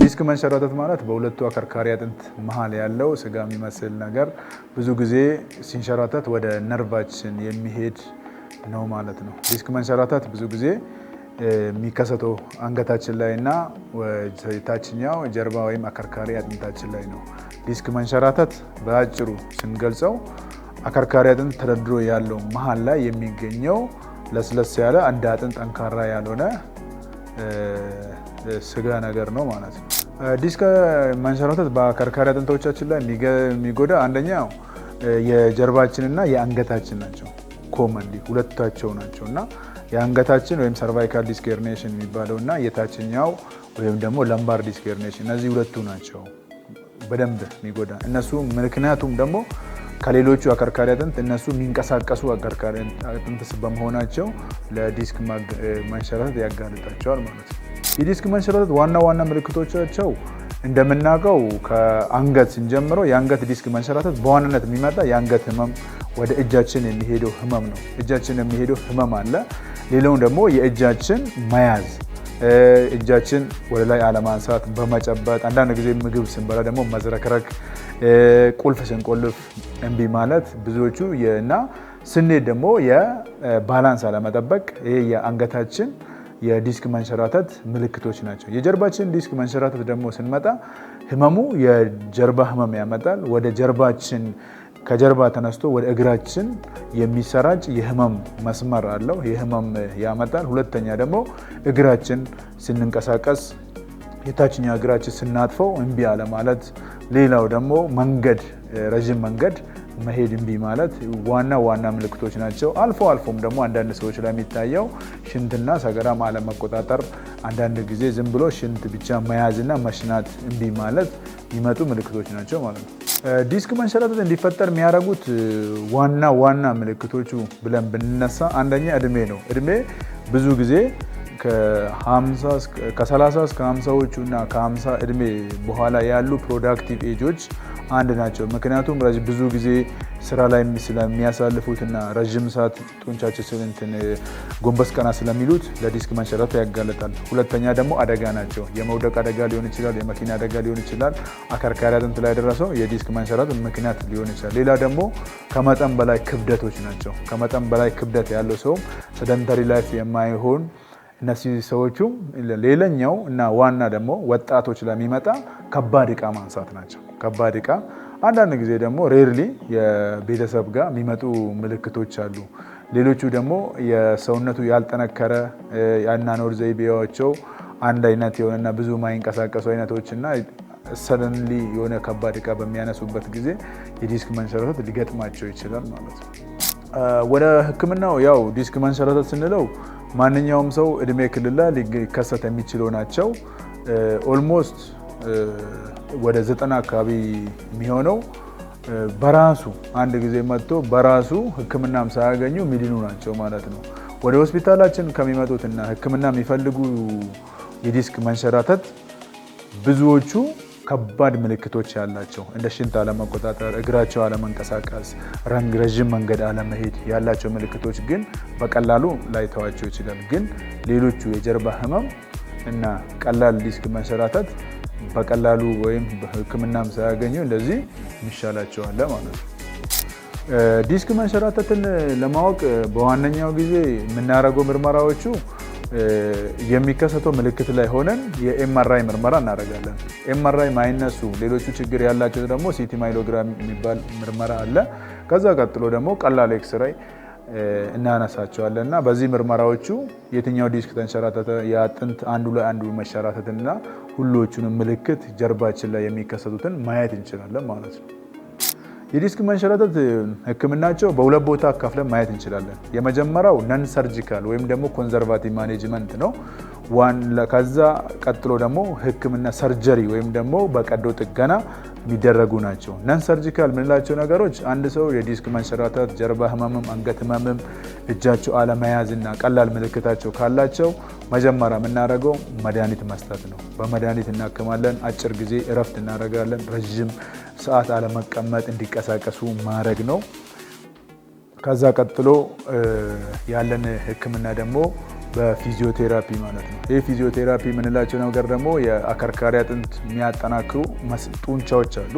ዲስክ መንሸራተት ማለት በሁለቱ አከርካሪ አጥንት መሀል ያለው ስጋ የሚመስል ነገር ብዙ ጊዜ ሲንሸራተት ወደ ነርቫችን የሚሄድ ነው ማለት ነው። ዲስክ መንሸራተት ብዙ ጊዜ የሚከሰተው አንገታችን ላይ እና ታችኛው ጀርባ ወይም አከርካሪ አጥንታችን ላይ ነው። ዲስክ መንሸራተት በአጭሩ ስንገልጸው አከርካሪ አጥንት ተደርድሮ ያለው መሀል ላይ የሚገኘው ለስለስ ያለ እንደ አጥንት ጠንካራ ያልሆነ ስጋ ነገር ነው ማለት ነው። ዲስክ መንሸራተት በከርካሪ አጥንቶቻችን ላይ የሚጎዳ አንደኛ የጀርባችንና የአንገታችን ናቸው። ኮመንሊ ሁለታቸው ናቸው እና የአንገታችን ወይም ሰርቫይካል ዲስክ ሄርኒዬሽን የሚባለው እና የታችኛው ወይም ደግሞ ለምባር ዲስክ ሄርኒዬሽን እነዚህ ሁለቱ ናቸው በደንብ የሚጎዳ እነሱ። ምክንያቱም ደግሞ ከሌሎቹ አከርካሪ አጥንት እነሱ የሚንቀሳቀሱ አከርካሪ አጥንትስ በመሆናቸው ለዲስክ መንሸራተት ያጋልጣቸዋል ማለት ነው። የዲስክ መንሸራተት ዋና ዋና ምልክቶቻቸው እንደምናውቀው ከአንገት ስንጀምረው የአንገት ዲስክ መንሸራተት በዋናነት የሚመጣ የአንገት ህመም፣ ወደ እጃችን የሚሄደው ህመም ነው። እጃችን የሚሄደው ህመም አለ። ሌላውን ደግሞ የእጃችን መያዝ፣ እጃችን ወደ ላይ አለማንሳት፣ በመጨበጥ አንዳንድ ጊዜ ምግብ ስንበላ ደግሞ መዝረክረክ፣ ቁልፍ ስንቆልፍ እምቢ ማለት ብዙዎቹ እና ስንሄድ ደግሞ የባላንስ አለመጠበቅ ይሄ የአንገታችን የዲስክ መንሸራተት ምልክቶች ናቸው። የጀርባችን ዲስክ መንሸራተት ደግሞ ስንመጣ ህመሙ የጀርባ ህመም ያመጣል። ወደ ጀርባችን ከጀርባ ተነስቶ ወደ እግራችን የሚሰራጭ የህመም መስመር አለው። የህመም ያመጣል። ሁለተኛ ደግሞ እግራችን ስንንቀሳቀስ የታችኛው እግራችን ስናጥፈው እምቢ አለ ሌላው ደግሞ መንገድ ረዥም መንገድ መሄድ እምቢ ማለት ዋና ዋና ምልክቶች ናቸው። አልፎ አልፎም ደግሞ አንዳንድ ሰዎች ላይ የሚታየው ሽንትና ሰገራ አለመቆጣጠር፣ አንዳንድ ጊዜ ዝም ብሎ ሽንት ብቻ መያዝና መሽናት እምቢ ማለት የሚመጡ ምልክቶች ናቸው ማለት ነው። ዲስክ መንሸራተት እንዲፈጠር የሚያደርጉት ዋና ዋና ምልክቶቹ ብለን ብንነሳ አንደኛ እድሜ ነው። እድሜ ብዙ ጊዜ ከ30 እስከ 50ዎቹ እና ከ50 እድሜ በኋላ ያሉ ፕሮዳክቲቭ ኤጆች አንድ ናቸው። ምክንያቱም ብዙ ጊዜ ስራ ላይ ስለሚያሳልፉት እና ረዥም ሰዓት ጡንቻቸው ስንትን ጎንበስ ቀና ስለሚሉት ለዲስክ መንሸራተት ያጋለጣል። ሁለተኛ ደግሞ አደጋ ናቸው። የመውደቅ አደጋ ሊሆን ይችላል፣ የመኪና አደጋ ሊሆን ይችላል። አከርካሪ አጥንት ላይ ደረሰው የዲስክ መንሸራተት ምክንያት ሊሆን ይችላል። ሌላ ደግሞ ከመጠን በላይ ክብደቶች ናቸው። ከመጠን በላይ ክብደት ያለው ሰውም ሰደንተሪ ላይፍ የማይሆን እነዚህ ሰዎቹም ሌላኛው እና ዋና ደግሞ ወጣቶች ለሚመጣ ከባድ እቃ ማንሳት ናቸው። ከባድ እቃ አንዳንድ ጊዜ ደግሞ ሬርሊ የቤተሰብ ጋር የሚመጡ ምልክቶች አሉ። ሌሎቹ ደግሞ የሰውነቱ ያልጠነከረ የአኗኗር ዘይቤያቸው አንድ አይነት የሆነና ብዙ ማይንቀሳቀሱ አይነቶች እና ሰደንሊ የሆነ ከባድ እቃ በሚያነሱበት ጊዜ የዲስክ መንሸራተት ሊገጥማቸው ይችላል ማለት ነው። ወደ ሕክምናው ያው ዲስክ መንሸራተት ስንለው ማንኛውም ሰው እድሜ ክልል ሊከሰት የሚችሉ ናቸው። ኦልሞስት ወደ ዘጠና አካባቢ የሚሆነው በራሱ አንድ ጊዜ መጥቶ በራሱ ሕክምናም ሳያገኙ ሚድኑ ናቸው ማለት ነው። ወደ ሆስፒታላችን ከሚመጡትና ሕክምና የሚፈልጉ የዲስክ መንሸራተት ብዙዎቹ ከባድ ምልክቶች ያላቸው እንደ ሽንት አለመቆጣጠር፣ እግራቸው አለመንቀሳቀስ፣ ረዥም መንገድ አለመሄድ ያላቸው ምልክቶች ግን በቀላሉ ላይተዋቸው ይችላል። ግን ሌሎቹ የጀርባ ህመም እና ቀላል ዲስክ መንሸራተት በቀላሉ ወይም ሕክምናም ሳያገኙ እንደዚህ ይሻላቸዋል ማለት ነው። ዲስክ መንሸራተትን ለማወቅ በዋነኛው ጊዜ የምናደርገው ምርመራዎቹ የሚከሰተው ምልክት ላይ ሆነን የኤምአርአይ ምርመራ እናደርጋለን። ኤምአርአይ ማይነሱ ሌሎቹ ችግር ያላቸው ደግሞ ሲቲ ማይሎግራም የሚባል ምርመራ አለ። ከዛ ቀጥሎ ደግሞ ቀላል ኤክስራይ እናነሳቸዋለን እና በዚህ ምርመራዎቹ የትኛው ዲስክ ተንሸራተተ፣ የአጥንት አንዱ ላይ አንዱ መሸራተትና ሁሎቹንም ምልክት ጀርባችን ላይ የሚከሰቱትን ማየት እንችላለን ማለት ነው። የዲስክ መንሸራተት ህክምናቸው በሁለት ቦታ አካፍለን ማየት እንችላለን። የመጀመሪያው ነን ሰርጂካል ወይም ደግሞ ኮንዘርቫቲቭ ማኔጅመንት ነው። ከዛ ቀጥሎ ደግሞ ህክምና ሰርጀሪ ወይም ደግሞ በቀዶ ጥገና የሚደረጉ ናቸው። ነን ሰርጂካል የምንላቸው ነገሮች አንድ ሰው የዲስክ መንሸራተት፣ ጀርባ ህመምም፣ አንገት ህመምም፣ እጃቸው አለመያዝና ቀላል ምልክታቸው ካላቸው መጀመሪያ የምናደርገው መድኃኒት መስጠት ነው። በመድኃኒት እናክማለን። አጭር ጊዜ እረፍት እናደርጋለን። ረዥም ሰዓት አለመቀመጥ እንዲቀሳቀሱ ማድረግ ነው። ከዛ ቀጥሎ ያለን ህክምና ደግሞ በፊዚዮቴራፒ ማለት ነው። ይህ ፊዚዮቴራፒ የምንላቸው ነገር ደግሞ የአከርካሪ አጥንት የሚያጠናክሩ ጡንቻዎች አሉ።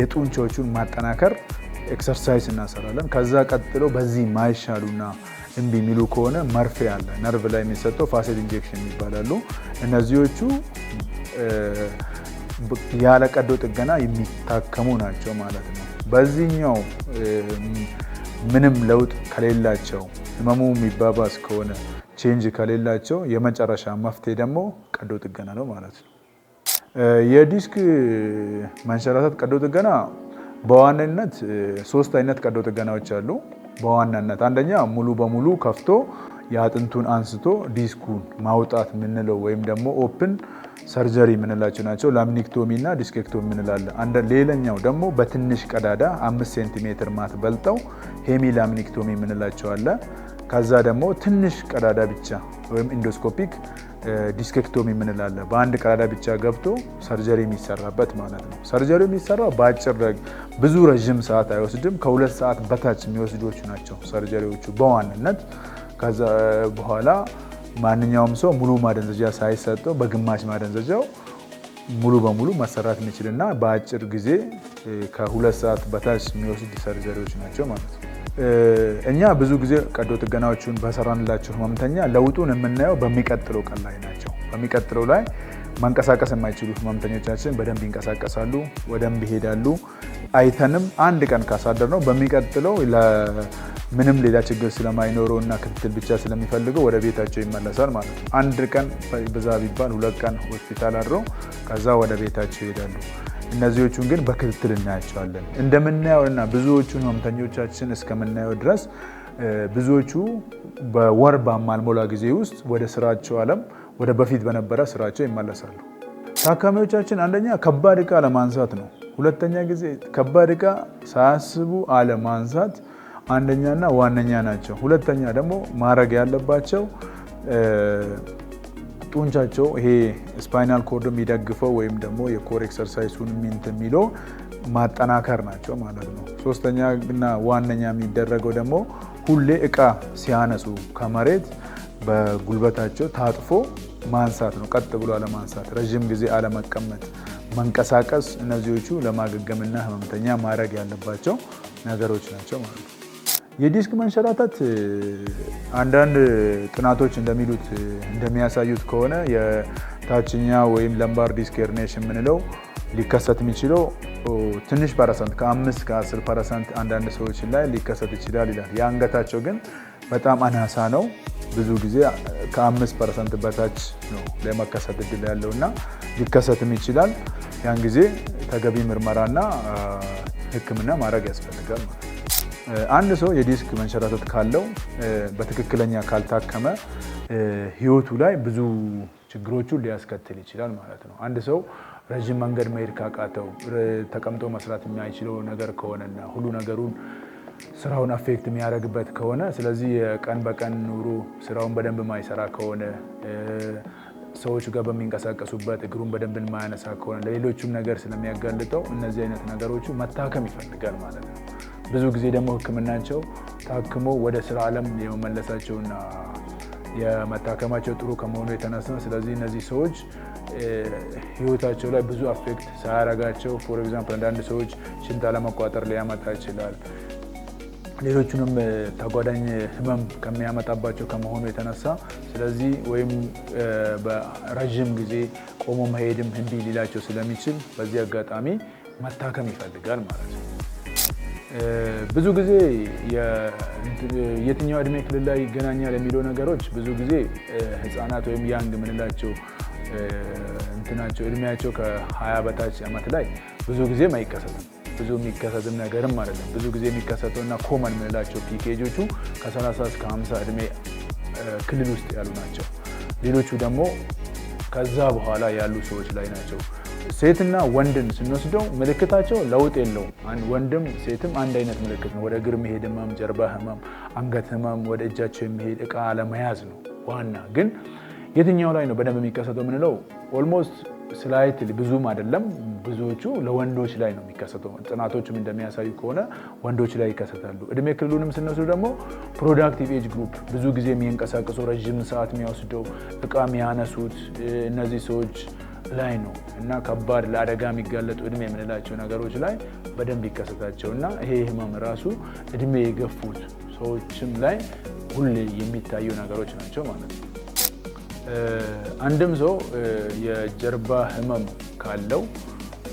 የጡንቻዎቹን ማጠናከር ኤክሰርሳይዝ እናሰራለን። ከዛ ቀጥሎ በዚህ ማይሻሉና እምቢ የሚሉ ከሆነ መርፌ አለ፣ ነርቭ ላይ የሚሰጠው ፋሴል ኢንጀክሽን ይባላሉ። እነዚዎቹ ያለ ቀዶ ጥገና የሚታከሙ ናቸው ማለት ነው። በዚህኛው ምንም ለውጥ ከሌላቸው ህመሙ የሚባባስ ከሆነ ቼንጅ ከሌላቸው የመጨረሻ መፍትሄ ደግሞ ቀዶ ጥገና ነው ማለት ነው። የዲስክ መንሸራተት ቀዶ ጥገና በዋናነት ሶስት አይነት ቀዶ ጥገናዎች አሉ። በዋናነት አንደኛ ሙሉ በሙሉ ከፍቶ የአጥንቱን አንስቶ ዲስኩን ማውጣት የምንለው ወይም ደግሞ ኦፕን ሰርጀሪ የምንላቸው ናቸው። ላሚኒክቶሚ እና ዲስኬክቶሚ አንደ ሌላኛው ደግሞ በትንሽ ቀዳዳ አምስት ሴንቲሜትር ማት በልጠው ሄሚ ላሚኒክቶሚ የምንላቸው አለ። ከዛ ደግሞ ትንሽ ቀዳዳ ብቻ ወይም ኢንዶስኮፒክ ዲስኬክቶሚ የምንላለ በአንድ ቀዳዳ ብቻ ገብቶ ሰርጀሪ የሚሰራበት ማለት ነው። ሰርጀሪ የሚሰራው በአጭር ብዙ ረዥም ሰዓት አይወስድም። ከሁለት ሰዓት በታች የሚወስዶቹ ናቸው ሰርጀሪዎቹ በዋንነት ከዛ በኋላ ማንኛውም ሰው ሙሉ ማደንዘጃ ሳይሰጠው በግማሽ ማደንዘጃው ሙሉ በሙሉ መሰራት የሚችልና በአጭር ጊዜ ከሁለት ሰዓት በታች የሚወስድ ሰርጀሪዎች ናቸው ማለት ነው። እኛ ብዙ ጊዜ ቀዶ ጥገናዎቹን በሰራንላቸው ህመምተኛ ለውጡን የምናየው በሚቀጥለው ቀን ላይ ናቸው። በሚቀጥለው ላይ መንቀሳቀስ የማይችሉ ህመምተኞቻችን በደንብ ይንቀሳቀሳሉ፣ በደንብ ይሄዳሉ። አይተንም አንድ ቀን ካሳደር ነው በሚቀጥለው ምንም ሌላ ችግር ስለማይኖረው እና ክትትል ብቻ ስለሚፈልገው ወደ ቤታቸው ይመለሳል ማለት ነው። አንድ ቀን ብዛ ቢባል ሁለት ቀን ሆስፒታል አድረው ከዛ ወደ ቤታቸው ይሄዳሉ። እነዚዎቹን ግን በክትትል እናያቸዋለን። እንደምናየው እና ብዙዎቹን ህመምተኞቻችን እስከምናየው ድረስ ብዙዎቹ በወር ባማልሞላ ጊዜ ውስጥ ወደ ስራቸው አለም ወደ በፊት በነበረ ስራቸው ይመለሳሉ። ታካሚዎቻችን አንደኛ ከባድ እቃ ለማንሳት ነው። ሁለተኛ ጊዜ ከባድ እቃ ሳያስቡ አለማንሳት አንደኛና ዋነኛ ናቸው። ሁለተኛ ደግሞ ማድረግ ያለባቸው ጡንቻቸው ይሄ ስፓይናል ኮርድ የሚደግፈው ወይም ደግሞ የኮር ኤክሰርሳይሱን ሚንት የሚለው ማጠናከር ናቸው ማለት ነው። ሶስተኛ እና ዋነኛ የሚደረገው ደግሞ ሁሌ እቃ ሲያነሱ ከመሬት በጉልበታቸው ታጥፎ ማንሳት ነው። ቀጥ ብሎ አለማንሳት፣ ረዥም ጊዜ አለመቀመጥ፣ መንቀሳቀስ እነዚዎቹ ለማገገምና ህመምተኛ ማድረግ ያለባቸው ነገሮች ናቸው ማለት ነው። የዲስክ መንሸራተት አንዳንድ ጥናቶች እንደሚሉት እንደሚያሳዩት ከሆነ የታችኛ ወይም ለምባር ዲስክ ኤርኔሽን የምንለው ሊከሰት የሚችለው ትንሽ ፐርሰንት ከአምስት ከአስር ፐርሰንት አንዳንድ ሰዎች ላይ ሊከሰት ይችላል ይላል። የአንገታቸው ግን በጣም አናሳ ነው። ብዙ ጊዜ ከአምስት ፐርሰንት በታች ነው ለመከሰት እድል ያለው እና ሊከሰትም ይችላል። ያን ጊዜ ተገቢ ምርመራና ሕክምና ማድረግ ያስፈልጋል። አንድ ሰው የዲስክ መንሸራተት ካለው በትክክለኛ ካልታከመ ህይወቱ ላይ ብዙ ችግሮቹን ሊያስከትል ይችላል ማለት ነው። አንድ ሰው ረዥም መንገድ መሄድ ካቃተው፣ ተቀምጦ መስራት የማይችለው ነገር ከሆነና ሁሉ ነገሩን ስራውን አፌክት የሚያደርግበት ከሆነ ስለዚህ የቀን በቀን ኑሮ ስራውን በደንብ የማይሰራ ከሆነ ሰዎች ጋር በሚንቀሳቀሱበት እግሩን በደንብ የማያነሳ ከሆነ ለሌሎችም ነገር ስለሚያጋልጠው እነዚህ አይነት ነገሮቹ መታከም ይፈልጋል ማለት ነው። ብዙ ጊዜ ደግሞ ሕክምናቸው ታክሞ ወደ ስራ ዓለም የመመለሳቸውና የመታከማቸው ጥሩ ከመሆኑ የተነሳ ስለዚህ እነዚህ ሰዎች ህይወታቸው ላይ ብዙ አፌክት ሳያረጋቸው ፎር ኤግዛምፕል አንዳንድ ሰዎች ሽንት አለመቋጠር ሊያመጣ ይችላል። ሌሎቹንም ተጓዳኝ ህመም ከሚያመጣባቸው ከመሆኑ የተነሳ ስለዚህ ወይም በረዥም ጊዜ ቆሞ መሄድም እምቢ ሊላቸው ስለሚችል በዚህ አጋጣሚ መታከም ይፈልጋል ማለት ነው። ብዙ ጊዜ የትኛው እድሜ ክልል ላይ ይገናኛል የሚለው ነገሮች ብዙ ጊዜ ህፃናት ወይም ያንግ የምንላቸው እንትናቸው እድሜያቸው ከ20 በታች ዓመት ላይ ብዙ ጊዜም አይከሰትም። ብዙ የሚከሰትም ነገርም አይደለም። ብዙ ጊዜ የሚከሰተው እና ኮመን የምንላቸው ፒኬጆቹ ከ30 እስከ 50 እድሜ ክልል ውስጥ ያሉ ናቸው። ሌሎቹ ደግሞ ከዛ በኋላ ያሉ ሰዎች ላይ ናቸው። ሴትና ወንድን ስንወስደው ምልክታቸው ለውጥ የለውም። ወንድም ሴትም አንድ አይነት ምልክት ነው። ወደ እግር መሄድ ህመም፣ ጀርባ ህመም፣ አንገት ህመም፣ ወደ እጃቸው የሚሄድ እቃ አለመያዝ ነው ዋና። ግን የትኛው ላይ ነው በደንብ የሚከሰተው የምንለው ኦልሞስት ስላይት ብዙም አይደለም። ብዙዎቹ ለወንዶች ላይ ነው የሚከሰተው። ጥናቶችም እንደሚያሳዩ ከሆነ ወንዶች ላይ ይከሰታሉ። እድሜ ክልሉንም ስነሱ ደግሞ ፕሮዳክቲቭ ኤጅ ግሩፕ ብዙ ጊዜ የሚንቀሳቀሱ ረዥም ሰዓት የሚያወስደው እቃ የሚያነሱት እነዚህ ሰዎች ላይ ነው እና ከባድ ለአደጋ የሚጋለጡ እድሜ የምንላቸው ነገሮች ላይ በደንብ ይከሰታቸው እና ይሄ ህመም ራሱ እድሜ የገፉት ሰዎችም ላይ ሁሌ የሚታዩ ነገሮች ናቸው ማለት ነው። አንድም ሰው የጀርባ ህመም ካለው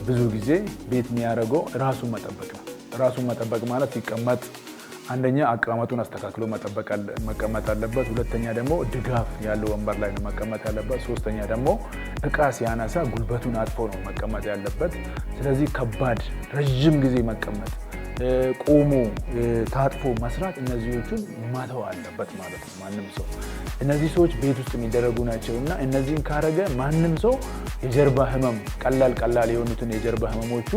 ብዙ ጊዜ ቤት የሚያደርገው ራሱን መጠበቅ ነው። ራሱን መጠበቅ ማለት ሲቀመጥ አንደኛ አቀማመጡን አስተካክሎ መቀመጥ አለበት። ሁለተኛ ደግሞ ድጋፍ ያለው ወንበር ላይ ነው መቀመጥ ያለበት። ሶስተኛ ደግሞ እቃ ሲያነሳ ጉልበቱን አጥፎ ነው መቀመጥ ያለበት። ስለዚህ ከባድ ረዥም ጊዜ መቀመጥ ቆሞ ታጥፎ መስራት እነዚህዎቹን መተው አለበት ማለት ነው። ማንም ሰው እነዚህ ሰዎች ቤት ውስጥ የሚደረጉ ናቸው እና እነዚህን ካረገ ማንም ሰው የጀርባ ህመም ቀላል ቀላል የሆኑትን የጀርባ ህመሞቹ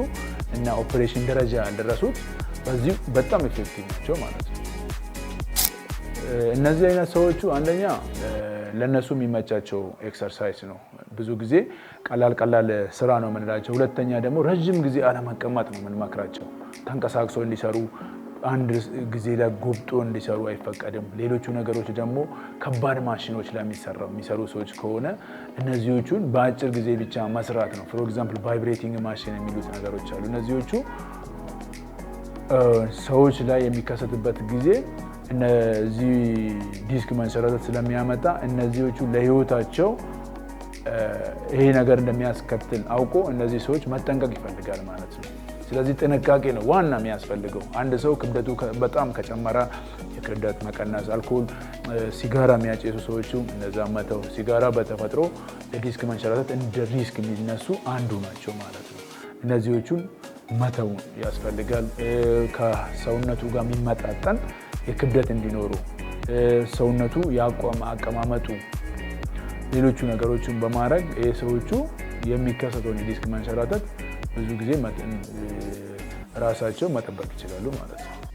እና ኦፕሬሽን ደረጃ ያልደረሱት በዚህ በጣም ኤፌክቲቭ ናቸው ማለት ነው። እነዚህ አይነት ሰዎቹ አንደኛ ለእነሱ የሚመቻቸው ኤክሰርሳይዝ ነው። ብዙ ጊዜ ቀላል ቀላል ስራ ነው የምንላቸው። ሁለተኛ ደግሞ ረዥም ጊዜ አለመቀመጥ ነው የምንመክራቸው። ተንቀሳቅሰው እንዲሰሩ አንድ ጊዜ ላይ ጎብጦ እንዲሰሩ አይፈቀድም። ሌሎቹ ነገሮች ደግሞ ከባድ ማሽኖች ላይ የሚሰራው የሚሰሩ ሰዎች ከሆነ እነዚዎቹን በአጭር ጊዜ ብቻ መስራት ነው። ፎር ኤግዛምፕል ቫይብሬቲንግ ማሽን የሚሉት ነገሮች አሉ። እነዚዎቹ ሰዎች ላይ የሚከሰትበት ጊዜ እነዚህ ዲስክ መንሸራተት ስለሚያመጣ እነዚዎቹ ለህይወታቸው ይሄ ነገር እንደሚያስከትል አውቆ እነዚህ ሰዎች መጠንቀቅ ይፈልጋል ማለት ነው። ስለዚህ ጥንቃቄ ነው ዋና የሚያስፈልገው። አንድ ሰው ክብደቱ በጣም ከጨመረ የክብደት መቀነስ፣ አልኮል፣ ሲጋራ የሚያጨሱ ሰዎቹ እነዛ መተው። ሲጋራ በተፈጥሮ ለዲስክ መንሸራተት እንደ ሪስክ የሚነሱ አንዱ ናቸው ማለት ነው። እነዚዎቹን መተው ያስፈልጋል። ከሰውነቱ ጋር የሚመጣጠን የክብደት እንዲኖሩ ሰውነቱ የአቋም አቀማመጡ ሌሎቹ ነገሮችን በማድረግ ሰዎቹ የሚከሰተውን የዲስክ መንሸራተት ብዙ ጊዜ ራሳቸው መጠበቅ ይችላሉ ማለት ነው።